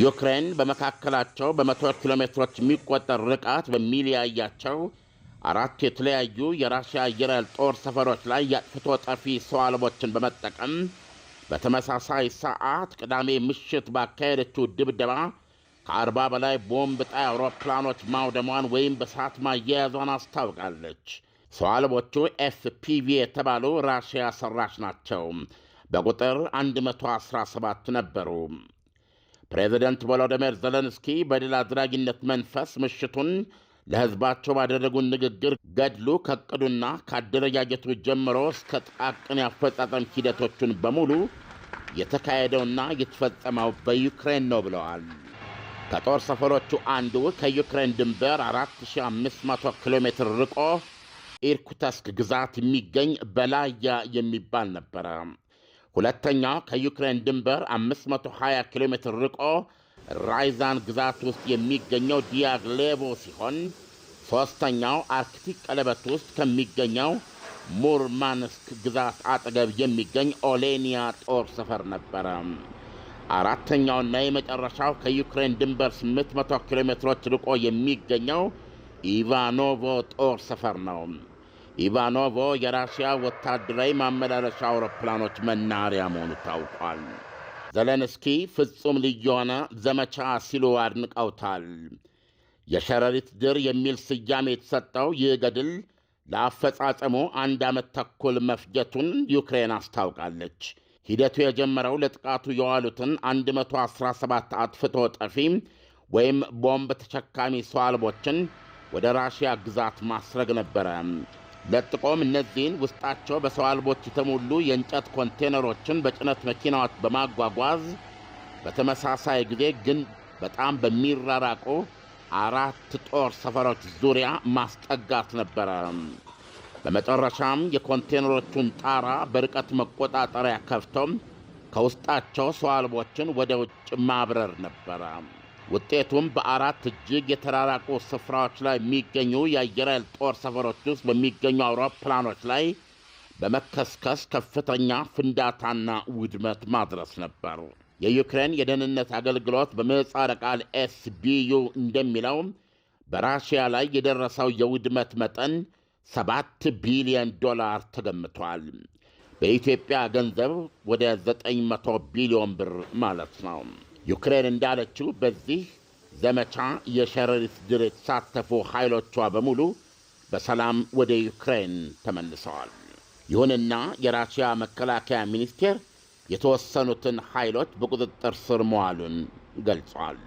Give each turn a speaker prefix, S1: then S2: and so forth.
S1: ዩክሬን በመካከላቸው በመቶ ኪሎ ሜትሮች የሚቆጠር ርቃት በሚለያያቸው አራት የተለያዩ የራሽያ አየር ኃይል ጦር ሰፈሮች ላይ የአጥፍቶ ጠፊ ሰው አልቦችን በመጠቀም በተመሳሳይ ሰዓት ቅዳሜ ምሽት ባካሄደችው ድብደባ ከአርባ በላይ ቦምብ ጣይ አውሮፕላኖች ማውደሟን ወይም በሰዓት ማያያዟን አስታውቃለች። ሰው አልቦቹ ኤፍፒቪ የተባሉ ራሽያ ሰራሽ ናቸው። በቁጥር 117 ነበሩ። ፕሬዚደንት ቮሎዲሚር ዘለንስኪ በድል አድራጊነት መንፈስ ምሽቱን ለሕዝባቸው ባደረጉን ንግግር ገድሉ ከቅዱና ከአደረጃጀቱ ጀምሮ እስከ ጥቃቅን ያፈጻጸም ሂደቶቹን በሙሉ የተካሄደውና የተፈጸመው በዩክሬን ነው ብለዋል። ከጦር ሰፈሮቹ አንዱ ከዩክሬን ድንበር 4500 ኪሎ ሜትር ርቆ ኢርኩተስክ ግዛት የሚገኝ በላያ የሚባል ነበረ። ሁለተኛ ከዩክሬን ድንበር 520 ኪሎ ሜትር ርቆ ራይዛን ግዛት ውስጥ የሚገኘው ዲያግሌቮ ሲሆን ሦስተኛው አርክቲክ ቀለበት ውስጥ ከሚገኘው ሙርማንስክ ግዛት አጠገብ የሚገኝ ኦሌኒያ ጦር ሰፈር ነበረ። አራተኛውና የመጨረሻው ከዩክሬን ድንበር 800 ኪሎ ሜትሮች ርቆ የሚገኘው ኢቫኖቮ ጦር ሰፈር ነው። ኢቫኖቮ የራሽያ ወታደራዊ ማመላለሻ አውሮፕላኖች መናኸሪያ መሆኑ ታውቋል። ዘለንስኪ ፍጹም ልዩ የሆነ ዘመቻ ሲሉ አድንቀውታል። የሸረሪት ድር የሚል ስያሜ የተሰጠው ይህ ገድል ለአፈጻጸሙ አንድ ዓመት ተኩል መፍጀቱን ዩክሬን አስታውቃለች። ሂደቱ የጀመረው ለጥቃቱ የዋሉትን 117 አጥፍቶ ጠፊ ወይም ቦምብ ተሸካሚ ሰው አልቦችን ወደ ራሽያ ግዛት ማስረግ ነበረ። ለጥቆም እነዚህን ውስጣቸው በሰው አልቦች የተሞሉ የእንጨት ኮንቴነሮችን በጭነት መኪናዎች በማጓጓዝ በተመሳሳይ ጊዜ ግን በጣም በሚራራቁ አራት ጦር ሰፈሮች ዙሪያ ማስጠጋት ነበረ። በመጨረሻም የኮንቴነሮቹን ጣራ በርቀት መቆጣጠሪያ ከፍቶም ከውስጣቸው ሰው አልቦችን ወደ ውጭ ማብረር ነበረ። ውጤቱም በአራት እጅግ የተራራቁ ስፍራዎች ላይ የሚገኙ የአየር ኃይል ጦር ሰፈሮች ውስጥ በሚገኙ አውሮፕላኖች ላይ በመከስከስ ከፍተኛ ፍንዳታና ውድመት ማድረስ ነበር። የዩክሬን የደህንነት አገልግሎት በምህጻረ ቃል ኤስቢዩ እንደሚለው በራሽያ ላይ የደረሰው የውድመት መጠን ሰባት ቢሊዮን ዶላር ተገምቷል። በኢትዮጵያ ገንዘብ ወደ 900 ቢሊዮን ብር ማለት ነው። ዩክሬን እንዳለችው በዚህ ዘመቻ የሸረሪት ድር የተሳተፉ ኃይሎቿ በሙሉ በሰላም ወደ ዩክሬን ተመልሰዋል። ይሁንና የራሽያ መከላከያ ሚኒስቴር የተወሰኑትን ኃይሎች በቁጥጥር ስር መዋሉን ገልጿል።